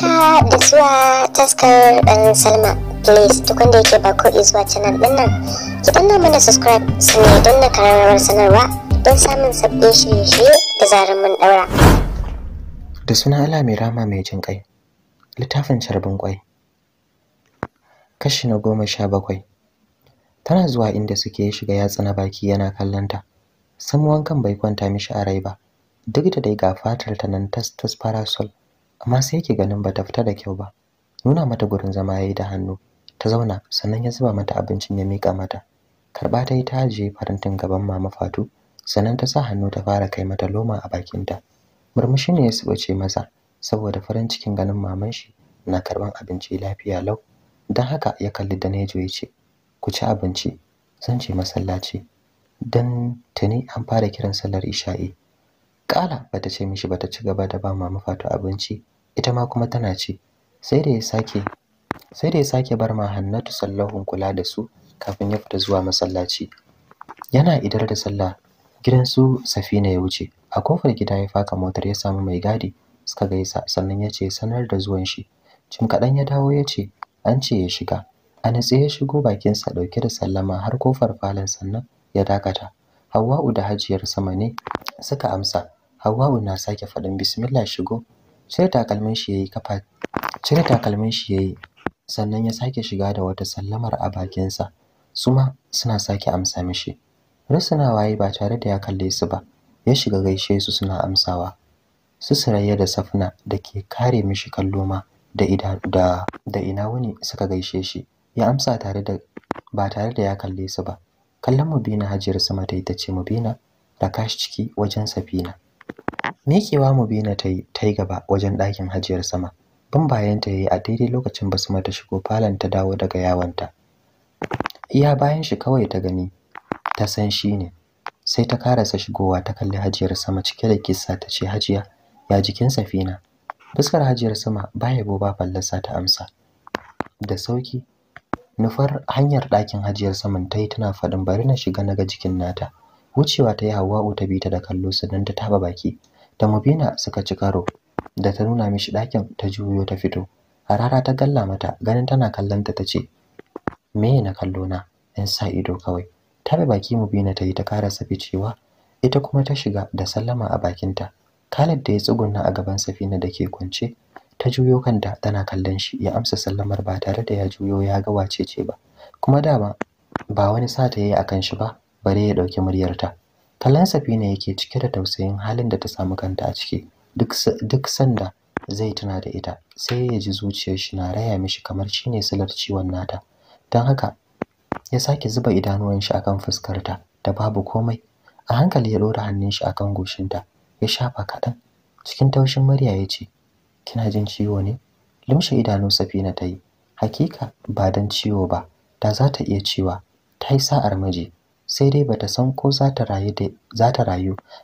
haka da zuwa taskar dan salma please duk wanda yake ba ko zuwa canal din nan ki danna mana subscribe su ne don na kararrawar sanarwa don samun sabbin shirye-shirye da zarar mun daura da suna ala mai rama mai jin kai littafin carbin kwai kashi na goma sha bakwai tana zuwa inda suke shiga yatsa na baki yana kallonta samuwan kan bai kwanta mishi a rai ba duk da dai ga fatar ta nan tas tas parasol amma sai yake ganin bata fita da kyau ba nuna mata gurin zama yayi da hannu ta zauna sannan ya zuba mata abincin ya mika mata karba ta yi ta ajiye farantin gaban mama Fatu sannan ta sa hannu ta fara kai mata loma a bakin ta murmushi ne ya ce masa saboda farin cikin ganin maman shi na karban abinci lafiya lau dan haka ya kalli da Nejo ya ce ku ci abinci zan je masallaci dan tuni an fara kiran sallar isha'i Kala bata ce mishi ba ta ci gaba da ba mama Fatu abinci ita ma kuma tana ce sai da ya sake sai da ya sake bar ma Hannatu sallahun kula da su kafin ya fita zuwa masallaci yana idar da sallah gidan su Safina ya wuce a kofar gida ya faka motar ya samu mai gadi suka gaisa sannan ya ce sanar da zuwan shi jim kaɗan ya dawo ya ce an ce ya shiga a natse ya shigo bakinsa ɗauke da sallama har kofar falon sannan ya dakata Hawwa'u da Hajiyar sama ne suka amsa Hawwa'u na sake faɗin bismillah shigo. Cire takalmin shi yayi kafa cire takalmin shi yayi sannan ya sake shiga da wata sallamar a bakin sa. ma suna sake amsa mishi. Rusuna waye ba tare da ya kalle su ba. Ya shiga gaishe su suna amsawa. Su da Safna da ke kare mishi kallo ma da ida da da ina wani suka gaishe shi. Ya amsa tare da ba tare da ya kalle su ba. Kallon Mubina Hajiyar sama ta ta ce bina. Da kashi ciki wajen Safina. Miƙewa Mubina ta yi ta yi gaba wajen ɗakin Hajiyar Sama. ban bayan ta yi a daidai lokacin basuma ta shigo falon ta dawo daga yawonta. Iya bayan shi kawai ta gani ta san shi ne. Sai ta karasa shigowa ta kalli Hajiyar Sama cike da kissa ta ce Hajiya ya jikin Safina. Fuskar Hajiyar Sama ba yabo ba fallasa ta amsa. Da sauki nufar hanyar ɗakin Hajiyar Saman ta yi tana faɗin bari na shiga naga jikin nata. Wucewa ta yi hawa'u ta bi ta da kallo sannan ta taɓa baki. da Mubina suka ci karo da ta nuna mishi ɗakin ta juyo ta fito harara ta galla mata ganin tana kallon ta ce, me na kallo na in sa ido kawai ta bi baki Mubina ta yi ta karasa ficewa ita kuma ta shiga da sallama a bakinta Khalid da ya tsugunna a gaban Safina da ke kwance ta juyo kanta tana kallon shi ya amsa sallamar ba tare da ya juyo ya ga wacece ba kuma dama ba wani sata yayi akan shi ba bare ya ɗauki muryarta Talon safina yake cike da tausayin halin da ta samu kanta a ciki duk sanda zai tuna da ita sai ya ji zuciyar shi na raya mishi kamar shine silar ciwon nata don haka ya sake zuba idanuwan shi akan fuskarta da babu komai a hankali ya ɗora hannun shi akan goshinta ya shafa kaɗan cikin taushin murya ya ce kina jin ciwo ne Lumshin idanu safina ta yi hakika ba don ciwo ba da za ta iya cewa ta yi sa'ar miji sai dai bata san ko za ta rayu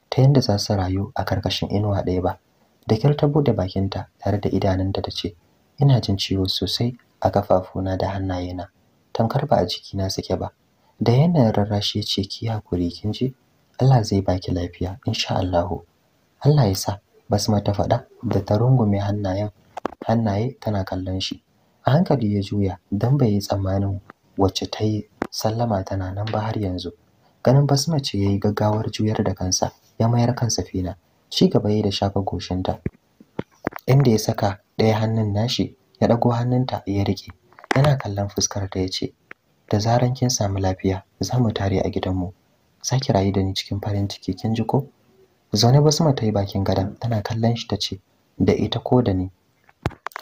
ta yadda za su rayu a karkashin inuwa ɗaya ba da kyar ta bude bakinta tare da idanunta ta ce ina jin ciwo sosai a kafafuna da hannayena tamkar ba a jikina suke ba da yanayin rarrashi ce ki hakuri kin ji Allah zai baki lafiya insha Allahu Allah ya sa Basma ta faɗa da ta rungume hannayen hannaye tana kallon shi a hankali ya juya don bai yi tsammanin wacce ta yi sallama tana nan ba har yanzu ganin basma ce ya yi gaggawar juyar da kansa ya mayar kansa fina shi gaba ya da shafa goshinta inda ya saka ɗaya hannun nashi ya ɗago hannunta ya riƙe yana kallon fuskar ta ya ce da zaran kin samu lafiya za mu tare a gidanmu za ki rayu da ni cikin farin ciki kin ji ko zaune basma ta yi bakin gadon tana kallon shi ta ce da ita ko da ni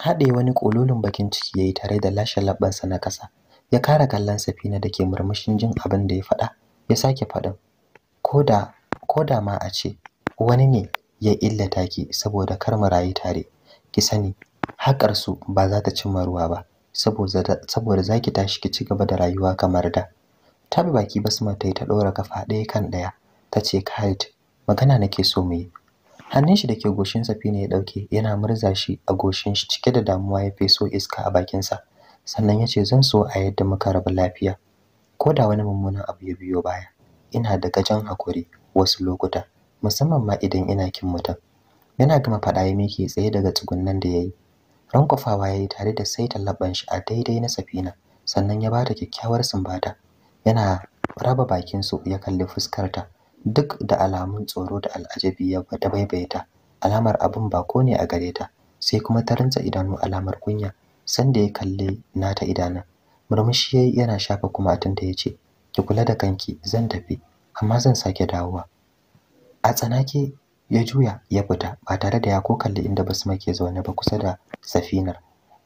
haɗe wani ƙololin bakin ciki ya yi tare da lashe labbansa na ƙasa ya kara kallon Safina da ke murmushin jin abin da ya faɗa ya sake faɗin koda koda ma a ce wani ne ya illata ki saboda kar mu rayu tare ki sani haƙar su ba za ta cimma ruwa ba saboda saboda zaki tashi ki ci gaba da rayuwa kamar da ta baki basma ta ta ɗora kafa ɗaya kan ɗaya ta ce magana nake so mu yi hannun shi da ke goshin Safina ya ɗauke yana murza shi a goshin shi cike da damuwa ya feso iska a bakinsa sannan ya ce zan so a yadda muka rabu lafiya ko da wani mummunan abu ya biyo baya ina da gajen hakuri wasu lokuta musamman ma idan ina kin mutum yana gama faɗa ya miki tsaye daga tsugunnan da ya yi rankwafawa ya yi tare da saita labban shi a daidai na safina sannan ya bata kyakkyawar sumbata yana raba bakin su ya kalli fuskarta duk da alamun tsoro da al'ajabi ya ta baibaita alamar abun ba ko ne a gare ta sai kuma ta rantsa idanu alamar kunya sanda ya kalle nata idanun murmushi yayi yana shafa kuma ya yace ki kula da kanki zan tafi amma zan sake dawowa a tsanake ya juya ya fita ba tare da ya ko kalli inda Basma ke zaune ba kusa da safinar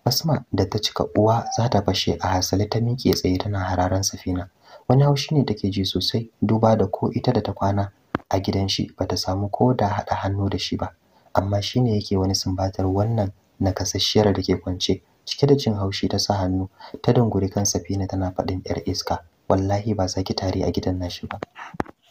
Basma da ta cika uwa za ta fashe a hasali ta miƙe tsaye tana hararan safina wani haushi ne take ji sosai duba da ko ita da ta kwana a gidan shi bata samu ko da haɗa hannu da shi ba amma shine yake wani sumbatar wannan nakasasshiyar da ke kwance cike da jin haushi ta sa hannu ta dunguri kan Safina tana faɗin yar iska wallahi ba za ki tare a gidan nashi ba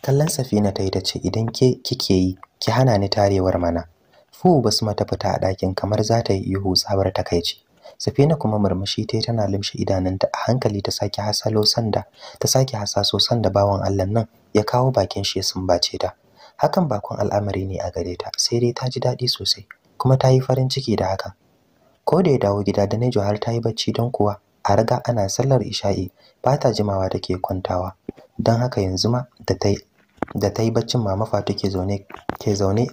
kallon Safina ta yi ta ce idan ke kike yi ki hana ni tarewar mana fu basma ta fita a ɗakin kamar za ta yi ihu tsabar takaici Safina kuma murmushi ta tana limshe idanunta a hankali ta sake hasalo sanda ta sake hasaso sanda bawan Allah nan ya kawo bakin shi ya sumbace ta hakan bakon al'amari ne a gare ta sai dai ta ji daɗi sosai kuma ta yi farin ciki da hakan ko da ya dawo gida da Danejo har ta yi bacci don kuwa a riga ana sallar isha'i ba ta jimawa ke kwantawa don haka yanzu ma da ta yi da baccin mama Fatu ke zaune ke zaune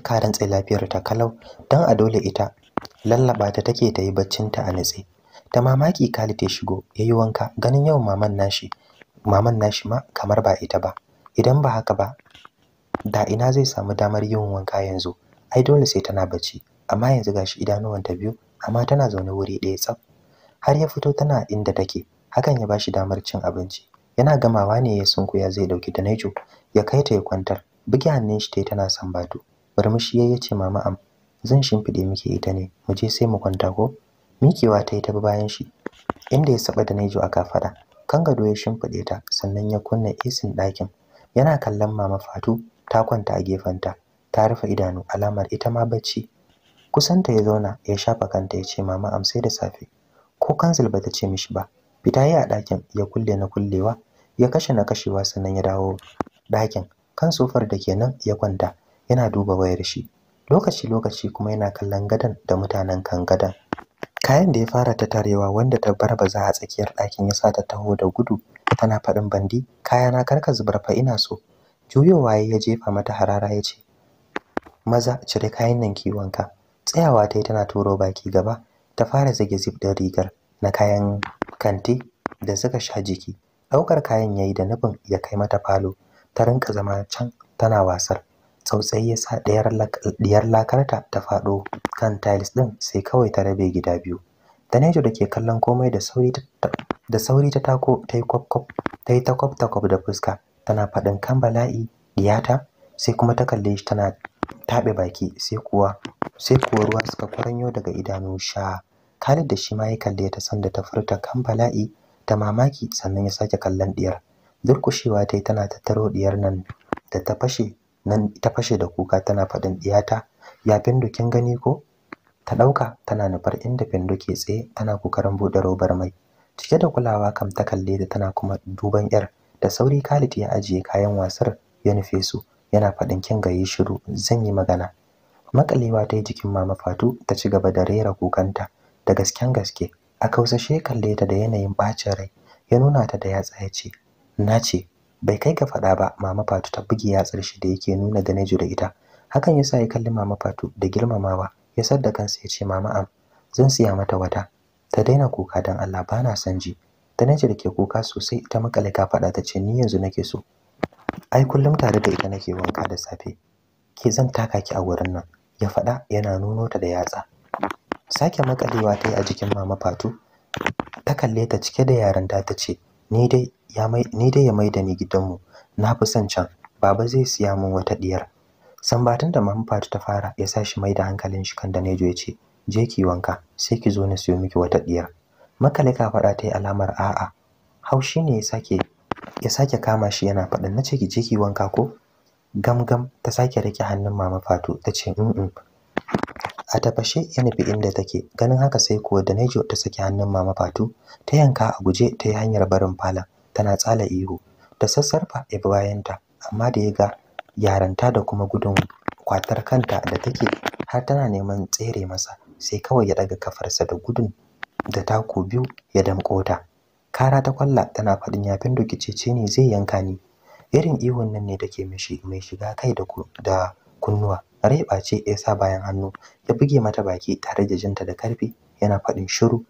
lafiyar ta kalau dan a dole ita lallaba ta take ta yi baccin ta a nitse ta mamaki Kali ta shigo yayi wanka ganin yawan maman nashi maman nashi ma kamar ba ita ba idan ba haka ba da ina zai samu damar yin wanka yanzu ai dole sai tana bacci amma yanzu gashi idanuwanta biyu amma tana zaune wuri ɗaya tsaf har ya fito tana inda take hakan ya bashi damar cin abinci yana gamawa ne ya ya zai dauki Danejo ya kai ta ya kwantar buge hannun shi tai tana sambato murmushi ya ce mama am zan shimfide miki ita ne mu je sai mu kwanta ko mikewa ta yi ta bayan shi inda ya saba Danejo a kafada kan gado ya shimfide ta sannan ya kunna isin ɗakin yana kallon mama Fatu ta kwanta a gefenta ta rufe idanu alamar ita ma bacci kusanta ya zauna ya shafa kanta ya ce mama amsai da safe ko kansil ba ta ce mishi ba fita yi a ɗakin ya kulle na kullewa ya kashe na kashewa sannan ya dawo ɗakin kan sofar da ke nan ya kwanta yana duba wayar shi lokaci-lokaci kuma yana kallon gadon da mutanen kan gadon kayan da ya fara ta tarewa wanda ta bar barbaza a tsakiyar ɗakin ya sa ta taho da gudu tana faɗin bandi kayana karka zubar fa ina so juyowa ya jefa mata harara ya ce maza cire kayan nan kiwonka tsayawa ta yi tana turo baki gaba ta fara zage zip ɗin rigar na kayan kanti da suka sha jiki ɗaukar kayan ya yi da nufin ya kai mata falo ta rinka zama can tana wasar tsautsayi ya sa ɗiyar lakarta ta faɗo kan tiles ɗin sai kawai ta rabe gida biyu Danejo da ke kallon komai da sauri ta tako ta yi ta yi takwab da fuska tana faɗin kan bala'i diyata sai kuma ta kalle shi tana taɓe baki sai kuwa sai kuwa ruwa suka kwaranyo daga idanun sha Khalid da shi ma ya kalle ta sanda ta furta kan bala'i ta mamaki sannan ya sake kallon diyar durkushewa ta yi tana tattaro diyar nan da ta fashe nan ta fashe da kuka tana faɗin diyata ya bindu kin gani ko ta ɗauka tana nufar inda bindu ke tsaye tana kokarin buɗe robar mai cike da kulawa kam ta kalle ta tana kuma duban yar da sauri Khalid ya ajiye kayan wasar ya nufe su yana faɗin kin gaye shiru zan yi magana makalewa ta yi jikin mama fatu ta ci gaba da rera kukanta da gasken gaske a kausashe kalle ta da yanayin bacin rai ya nuna ta da yatsa ya ce na ce bai kai ka faɗa ba mama fatu ta bugi yatsar shi da yake nuna da naji da ita hakan ya sa ya kalli mama fatu da girmamawa ya sadda kansa ya ce mama am zan siya mata wata ta daina kuka don Allah ba na son ji ta naji da ke kuka sosai ta makale ka faɗa ta ce ni yanzu nake so ai kullum tare da ita nake wanka da safe ke zan taka ki a wurin nan ya faɗa yana nuno ta da yatsa sake makalewa ta yi a jikin mama fatu ta kalle ta cike da yaranta ta ce ni dai ya mai da ni gidanmu na fi son can baba zai siya min wata diyar sambatun da mama fatu ta fara ya sa shi mai da hankalin shi kan danejo ya ce je ki wanka sai ki zo na siyo miki wata diyar makale ka faɗa ta yi alamar a'a haushi ne ya sake ya sake kama shi yana faɗin na ce ki je ki wanka ko gamgam ta sake rike hannun mama Fatu ta ce mm a tafashe ya nufi inda take ganin haka sai kuwa da Nejo ta saki hannun mama Fatu ta yanka a guje ta yi hanyar barin fala tana tsala ihu ta sassarfa ya bi bayanta amma da ya ga yaranta da kuma gudun kwatar kanta da take har tana neman tsere masa sai kawai ya daga kafarsa da gudun da taku biyu ya damƙo ta kara ta kwalla tana faɗin yafin ce, ne zai yanka ni irin ihun nan ne take mishi mai shiga kai da da kunnuwa reba ce ya sa bayan hannu ya buge mata baki tare da jinta da karfi yana faɗin shiru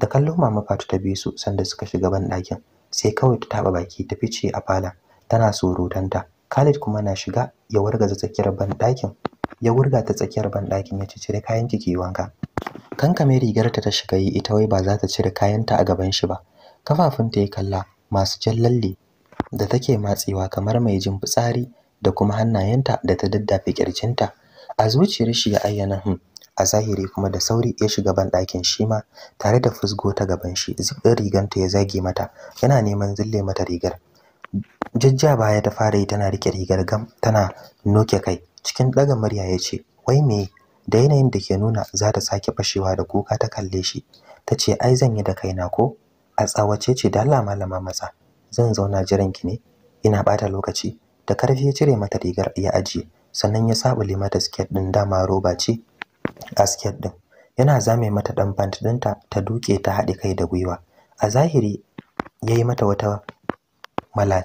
da kallon mama fatu ta bi su sanda suka shiga ban ɗakin sai kawai ta taɓa baki ta fice a fala tana surutanta Khalid kuma na shiga ya wargaza tsakiyar ban ɗakin ya wurga ta tsakiyar ban ɗakin ya cire kayan jiki wanka kankame rigarta ta shiga yi ita wai ba za ta cire kayanta a gaban shi ba kafafunta ya kalla masu jan lalle da take matsewa kamar mai jin fitsari da kuma hannayenta da ta daddafe kirjinta a zuciyar shi ya ayyana hun hmm, a zahiri kuma da sauri ya shiga ban ɗakin shi ma tare da fusgo ta gaban shi zikin riganta ya zage mata yana neman zille mata rigar jajja baya ta fara yi tana riƙe rigar gam tana noke kai cikin ɗaga murya ya ce wai me da yanayin da ke nuna za ta sake fashewa da kuka ta kalle shi ta ce ai zan yi da kaina ko a tsawace ce da Allah malama maza zan zauna jiran ki ne ina bata lokaci da karfi ya cire mata rigar ya ajiye sannan ya sabule mata skirt din dama roba ce a skirt din yana zame mata dan pant dinta ta duke ta haɗe kai da gwiwa a zahiri yayi mata wata malal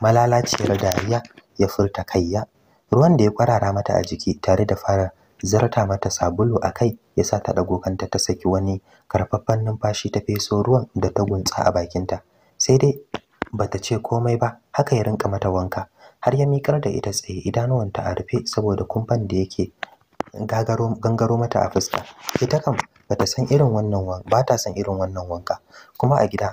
malalaciyar dariya ya furta kaiya ruwan da ya kwarara mata a jiki tare da fara zarta mata sabulu a kai ya sa ta dago kanta ta saki wani karfaffan numfashi ta feso ruwan da ta guntsa a bakinta sai dai bata ce komai ba haka ya rinka mata wanka har ya mikar da ita tsaye idanuwanta a rufe saboda kumfan da yake gangaro mata a fuska ita kam bata san irin wannan wanka bata san irin wannan wanka kuma a gida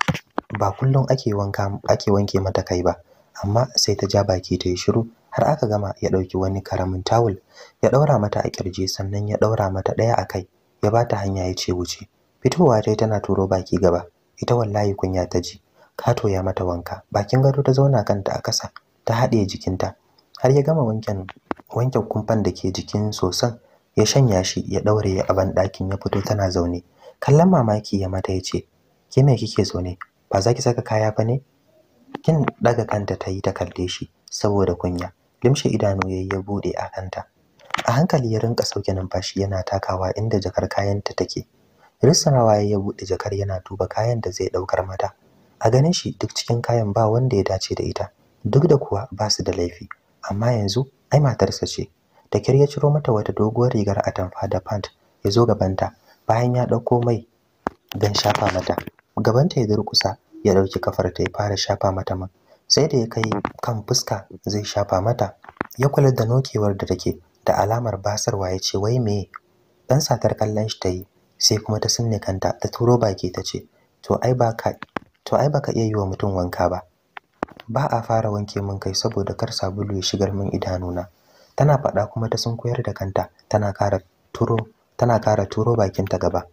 ba kullum ake wanka ake wanke mata kai ba amma sai ta ja baki ta yi shiru har aka gama ya ɗauki wani karamin tawul ya ɗaura mata a kirje sannan ya ɗaura mata ɗaya a kai ya ba ta hanya ya ce wuce fitowa dai tana turo baki gaba ita wallahi kunya ta ji kato ya mata wanka bakin gado ta zauna kanta a ƙasa ta haɗe jikinta har ya gama wanken wanke kumfan da ke jikin sosan ya shanya shi ya ɗaure a banɗakin ya fito tana zaune kallon mamaki ya mata ya ce ke me kike zaune ba za ki saka kaya ba ne kin ɗaga kanta ta yi ta kalle shi saboda kunya limshe idanu ya yi ya buɗe a kanta a hankali ya rinka sauke numfashi yana takawa inda jakar kayanta take rissanawa ya buɗe jakar yana duba kayan da zai ɗaukar mata a ganin shi duk cikin kayan ba wanda ya dace da ita duk da kuwa ba su da laifi amma yanzu ai matarsa ce da kyar ya ciro mata wata doguwar rigar atamfa da pant ya zo gabanta bayan ya ɗauko mai don shafa mata gabanta ya durkusa ya ɗauki kafar ta ya fara shafa mata man sai da ya kai kan fuska zai shafa mata ya kula da nokewar da take da alamar basarwa ya ce wai me ɗan satar kallon shi ta yi sai kuma ta sunne kanta ta turo baki ta ce to ai ba ka to ai baka iya yi wa mutum wanka ba ba a fara wanke min kai saboda kar sabulu ya shigar min idanuna tana faɗa kuma ta sun koyar da kanta tana kara turo tana kara turo bakinta gaba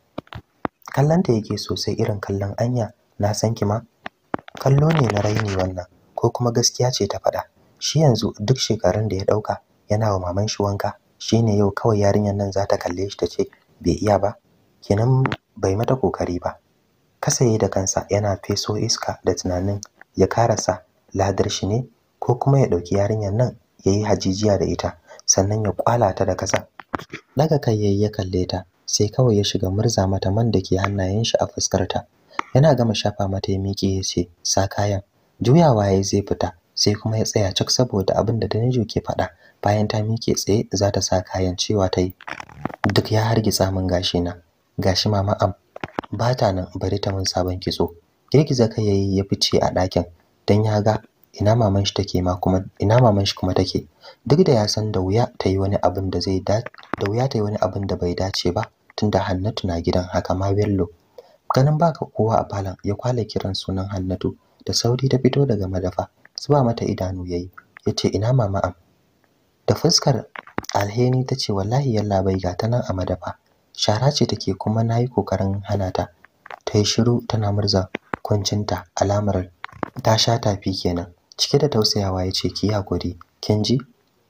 ta yake sosai irin kallon anya na san ki ma kallo ne na raini wannan ko kuma gaskiya ce ta faɗa shi yanzu duk shekarun da ya ɗauka yana wa maman shi wanka shine yau kawai yarinyar nan za ta kalle shi ta ce bai iya ba kenan bai mata kokari ba kasaye da kansa yana feso iska da tunanin ya karasa ladar shi ne ko kuma ya ɗauki yarinyar nan ya yi hajijiya da ita sannan ya kwala ta da kasa daga kai yayi ya kalle ta sai kawai ya shiga murza mata man da ke hannayen shi a fuskar ta yana gama shafa mata ya miƙe ya ce sa kayan juyawa yayi zai fita sai kuma ya tsaya cik saboda abin da Danijo ke faɗa bayan ta miƙe tsaye za ta sa kayan cewa ta yi duk ya hargitsa min gashi na gashi mama am bata nan bari ta mun sabon kitso girgiza kai yayi ya fice a ɗakin dan ya ga ina maman shi take ma kuma ina maman shi kuma take duk da ya san da wuya ta yi wani abin da zai da da wuya ta wani abin da bai dace ba tunda Hannatu na gidan haka ma Bello ganin baka kowa a falon ya kwala kiran sunan Hannatu da sauri ta fito daga madafa zuba mata idanu yayi yace ina mama am da fuskar alheri tace wallahi yalla bai ga ta nan a madafa shara ce take kuma na yi kokarin hana ta tayi shiru tana murza kuncinta alamar ta sha tafi kenan cike da tausayawa ya ce ki hakuri kin ji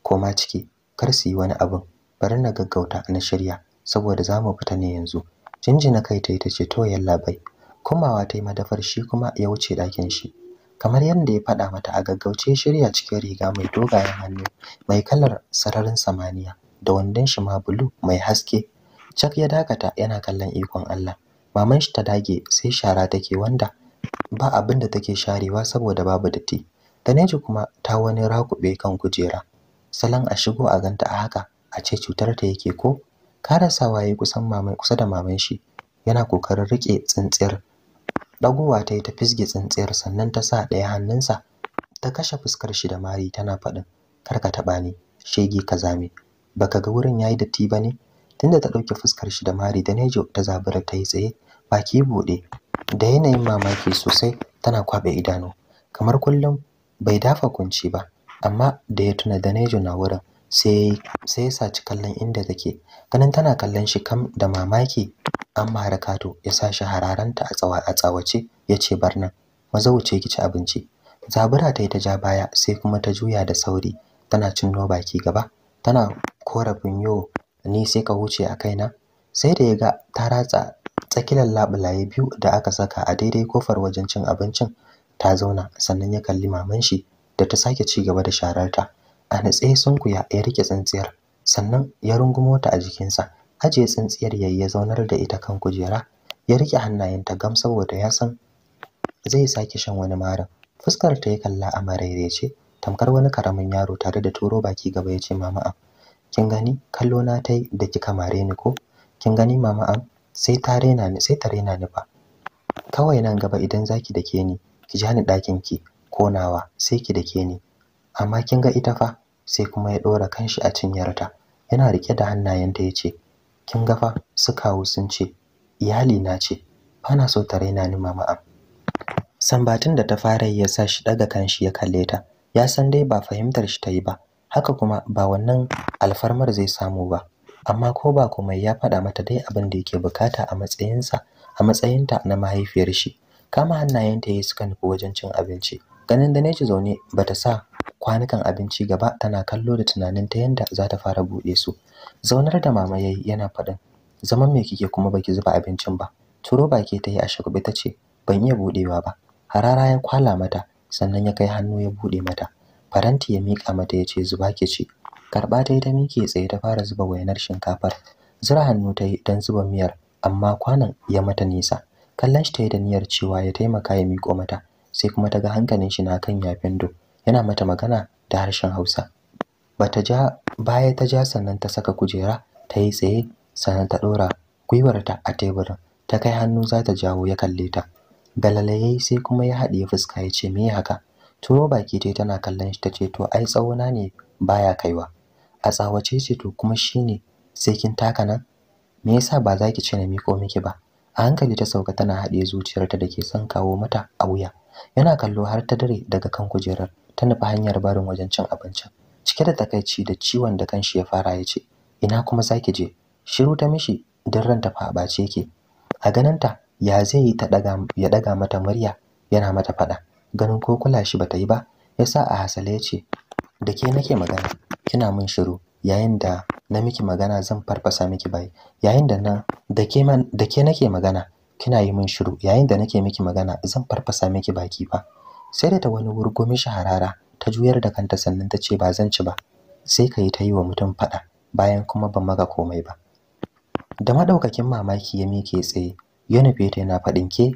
koma ciki kar su yi wani abin bari na gaggauta na shirya saboda za mu fita ne yanzu jinjina kai tayi tace to yalla bai komawa tayi madafar shi kuma ya wuce ɗakin shi kamar yadda ya faɗa mata a gaggauce shirya cikin riga mai dogayen hannu mai kalar sararin samaniya da wandon shi ma bulu mai haske Cak ya dakata yana kallon ikon Allah. Maman shi ta dage sai shara take wanda ba abin da take sharewa saboda babu datti. Taneji kuma ta wani rakube kan kujera. Salon a shigo a ganta a haka a ce cutar ta yake ko? Karasa waye kusan maman kusa da maman shi yana kokarin rike tsintsiyar. Dagowa ta yi ta fisge tsintsiyar sannan ta sa ɗaya hannunsa ta kashe fuskar shi da mari tana faɗin karka taɓa ni shege ka zame baka ga wurin yayi datti bane tunda ta ɗauki fuskar shi da mari da nejo ta zabura ta yi tsaye baki buɗe da yanayin mamaki sosai tana kwaɓe idanu kamar kullum bai dafa kunci ba amma da ya tuna da nejo na wurin sai sai ya saci kallon inda take ganin tana kallon shi kam da mamaki amma harakato ya sa shi hararanta a tsawa a tsawace ya ce barnan maza wuce ki ci abinci zabura ta yi ta ja baya sai kuma ta juya da sauri tana cinno baki gaba tana korafin yo ni sai ka wuce a kaina sai da ya ga ta ratsa tsakilan labulaye biyu da aka saka a daidai kofar wajen cin abincin ta zauna sannan ya kalli maman shi da ta sake ci gaba da shararta a natse sun kuya, ya rike tsintsiyar sannan ya rungumo ta a jikinsa ajiye tsintsiyar yayi ya zaunar da ita kan kujera ya rike ta gam saboda ya san zai sake shan wani marin fuskar ta ya kalla a marairaice tamkar wani karamin yaro tare da turo baki gaba ya ce mama'a kin gani kallo na tai da kika mare ni ko kin gani mama am sai ta rena ni sai ta rena ni fa kawai nan gaba idan zaki dake ni ki ja ni dakin ki konawa sai ki dake ni amma kin ga ita fa sai kuma ya ɗora kanshi a cinyarta yana rike da hannayenta ya ce kin ga fa su kawo sun ce iyali na ce bana so ta raina ni mama am sambatin da ta fara yi ya sa shi daga kanshi ya kalle ta ya san dai ba fahimtar shi ta yi ba haka kuma ba wannan alfarmar zai samu ba amma ko ba komai ya faɗa mata dai abin da yake bukata a matsayinsa a matsayinta na mahaifiyar shi kama hannayenta yayi suka nufi wajen cin abinci ganin da neji zaune bata sa kwanukan abinci gaba tana kallo da tunanin ta yanda za ta fara buɗe su zaunar da mama yayi yana faɗin zaman me kike kuma baki zuba abincin ba turo baki ta yi a shagube ta ce ban iya buɗewa ba harara ya kwala mata sannan ya kai hannu ya buɗe mata faranti ya miƙa mata ya ce zuba ke ce karɓa ta yi ta miƙe tsaye ta fara zuba wainar shinkafar zura hannu ta yi don zuba miyar amma kwanan ya mata nisa kallon shi ta yi da niyyar cewa ya taimaka ya miƙo mata sai kuma ta ga hankalin shi na kan yafin do yana mata magana da harshen hausa bata ja baya ta ja sannan ta saka kujera ta yi tsaye sannan ta ɗora gwiwarta a teburin ta kai hannu za ta jawo ya kalle ta galalaye sai kuma ya haɗiye fuska ya ce me haka turo baki tai tana kallon shi tace to ai tsawona ne baya kaiwa a tsawace ce to kuma shine sai kin taka nan me yasa ba za ki ce na miko miki ba a hankali ta sauka tana haɗe zuciyarta da ke son kawo mata a wuya yana kallo har ta dare daga kan kujerar ta nufi hanyar barin wajen cin abincin cike da takaici da ciwon da kanshi ya fara ya ce ina kuma za ki je shiru ta mishi don ranta fa ɓace ke. a ganinta ya zai yi ya ɗaga mata murya yana mata faɗa ganin ko kula shi bata yi ba yasa a hasale ya ce da ke nake magana kina min shiru yayin da na miki magana zan farfasa miki bai yayin da na da ke man da ke nake magana kina yi mun shiru yayin da nake miki magana zan farfasa miki baki fa sai da ta wani wurgumi mishi harara ta juyar da kanta sannan ta ce ba zan ci ba sai ka yi ta yi wa mutum faɗa bayan kuma ban maka komai ba da madaukakin mamaki ya mike tsaye ya nufe yana faɗin ke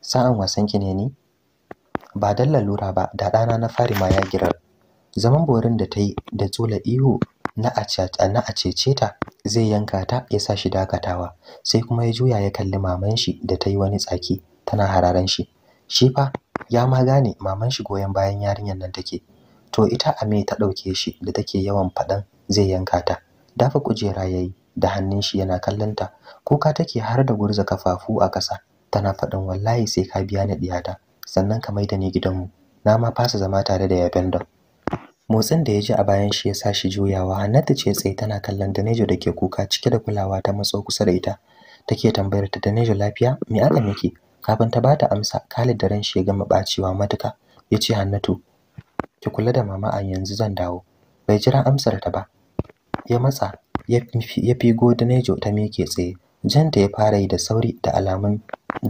sa'an wasan ki ne ni ba dan lalura ba da ɗana na fari ma ya girar zaman borin da ta yi da tsola ihu na a cece ta zai yanka ta ya sa shi dakatawa sai kuma ya juya ya kalli maman shi da ta yi wani tsaki tana hararan shi shi fa ya ma gane maman shi goyon bayan yarinyar nan take to ita ame ta ɗauke shi da take yawan faɗan zai yanka ta dafa kujera ya yi da hannun shi yana kallon ta kuka take har da gurza kafafu a ƙasa tana faɗin wallahi sai ka biya ni ɗiyata. sannan ka maida ni gidanmu na ma fasa zama tare da yafen don motsin da ya ji a bayan shi ya sa shi juyawa hannatu ce tsaye tana kallon danejo da ke kuka cike da kulawa ta matso kusa da ita take tambayar ta danejo lafiya me aka miki kafin ta bata amsa Khalid da ran shi ya gama bacewa matuka Ya ce Hannatu ki kula da mama a yanzu zan dawo bai jira amsar ta ba ya matsa ya fi danejo ta miƙe tsaye janta ya fara yi da sauri da alamun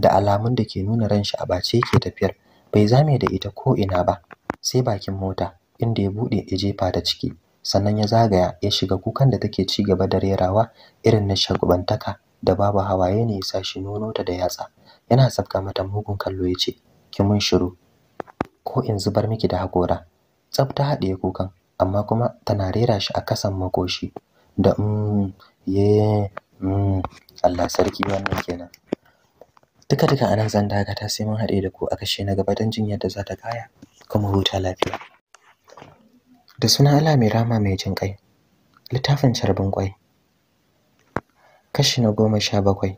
da alamun da ke nuna ran shi a bace yake tafiyar bai zame da ita ko ina ba sai bakin mota inda ya bude ya jefa ta ciki sannan ya zagaya ya shiga kukan da take ci gaba da rerawa irin na shagubantaka da babu hawaye ne ya sa shi nono ta da yatsa yana safka mata mugun kallo ya ce ki mun shiru ko in zubar miki da hakora tsaf ta haɗiye kukan amma kuma tana rera shi a kasan makoshi da mm ye mm Allah sarki wannan kenan duka duka anan zan ta sai mun haɗe da ku a kashe na gaba don jin da za ta kaya kuma huta lafiya da suna Allah mai rama mai jin kai littafin carbin kwai kashi na goma sha bakwai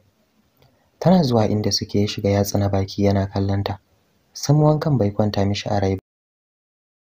tana zuwa inda suke shiga yatsa na baki yana kallonta samuwan kan bai kwanta mishi a rai